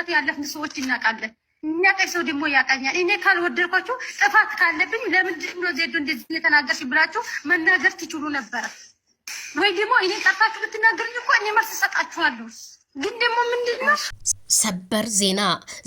በሄድንበት ያለፍን ሰዎች እናውቃለን። የሚያቀኝ ሰው ደግሞ ያቀኛል። እኔ ካልወደድኳችሁ ጥፋት ካለብኝ ለምንድን ነው ዜዶ እንደዚህ የተናገርሽ ብላችሁ መናገር ትችሉ ነበረ ወይ ደግሞ እኔ ጠፋችሁ ብትናገርኝ እኮ እኔ መልስ እሰጣችኋለሁ። ግን ደግሞ ምንድን ነው ሰበር ዜና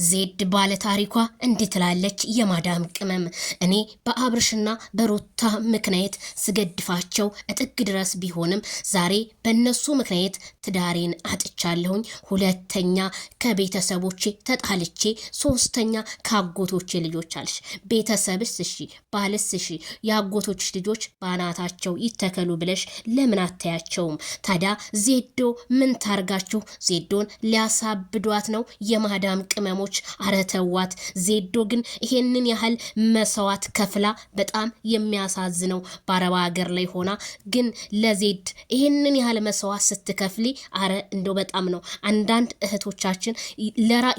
ዜድ ባለ ታሪኳ እንዲህ ትላለች። የማዳም ቅመም እኔ በአብርሽና በሩታ ምክንያት ስገድፋቸው እጥግ ድረስ ቢሆንም ዛሬ በእነሱ ምክንያት ትዳሬን አጥቻለሁኝ፣ ሁለተኛ ከቤተሰቦቼ ተጣልቼ፣ ሶስተኛ ከአጎቶቼ ልጆች አልሽ። ቤተሰብስ እሺ፣ ባልስ እሺ፣ የአጎቶች ልጆች በአናታቸው ይተከሉ ብለሽ ለምን አታያቸውም ታዲያ? ዜዶ ምን ታርጋችሁ ዜዶን ሊያሳብዷት ነው የማዳም ቅመሞች አረተዋት። ዜዶ ግን ይሄንን ያህል መሰዋት ከፍላ በጣም የሚያሳዝነው በአረባ ሀገር ላይ ሆና ግን ለዜድ ይሄንን ያህል መሰዋት ስትከፍሊ አረ እንደው በጣም ነው። አንዳንድ እህቶቻችን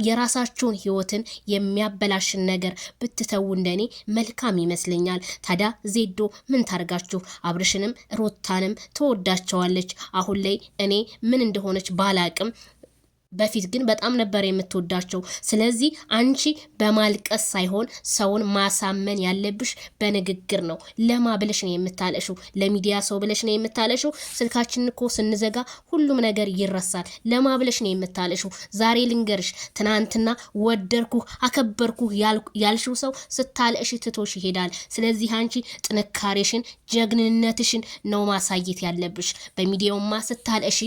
የራሳቸውን ህይወትን የሚያበላሽን ነገር ብትተው እንደኔ መልካም ይመስለኛል። ታዲያ ዜዶ ምን ታርጋችሁ? አብርሽንም ሮታንም ትወዳቸዋለች። አሁን ላይ እኔ ምን እንደሆነች ባላቅም በፊት ግን በጣም ነበር የምትወዳቸው። ስለዚህ አንቺ በማልቀስ ሳይሆን ሰውን ማሳመን ያለብሽ በንግግር ነው። ለማ ብለሽ ነው የምታለሽው? ለሚዲያ ሰው ብለሽ ነው የምታለሽው? ስልካችን እኮ ስንዘጋ ሁሉም ነገር ይረሳል። ለማ ብለሽ ነው የምታለሽው? ዛሬ ልንገርሽ፣ ትናንትና ወደርኩ አከበርኩ ያልሽው ሰው ስታለሽ ትቶሽ ይሄዳል። ስለዚህ አንቺ ጥንካሬሽን ጀግንነትሽን ነው ማሳየት ያለብሽ። በሚዲያውማ ስታለሽ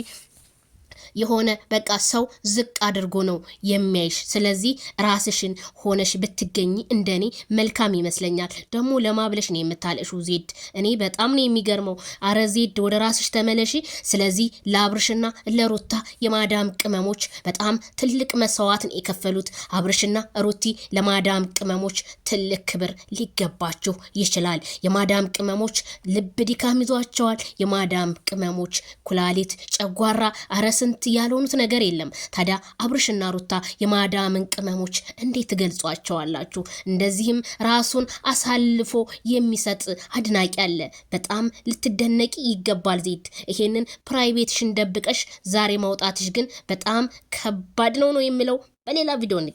የሆነ በቃ ሰው ዝቅ አድርጎ ነው የሚያይሽ። ስለዚህ ራስሽን ሆነሽ ብትገኝ እንደኔ መልካም ይመስለኛል። ደግሞ ለማብለሽ ነው የምታለሹ ዜድ። እኔ በጣም ነው የሚገርመው። አረ ዜድ ወደ ራስሽ ተመለሺ። ስለዚህ ለአብርሽና ለሩታ የማዳም ቅመሞች በጣም ትልቅ መስዋዕትን የከፈሉት አብርሽና ሩቲ ለማዳም ቅመሞች ትልቅ ክብር ሊገባችሁ ይችላል። የማዳም ቅመሞች ልብ ድካም ይዟቸዋል። የማዳም ቅመሞች ኩላሊት፣ ጨጓራ አረስን ስንት ያልሆኑት ነገር የለም። ታዲያ አብርሽና ሩታ የማዳምን ቅመሞች እንዴት ትገልጿቸዋላችሁ? እንደዚህም ራሱን አሳልፎ የሚሰጥ አድናቂ አለ። በጣም ልትደነቂ ይገባል ዜድ። ይሄንን ፕራይቬትሽን ደብቀሽ ዛሬ ማውጣትሽ ግን በጣም ከባድ ነው ነው የምለው። በሌላ ቪዲዮ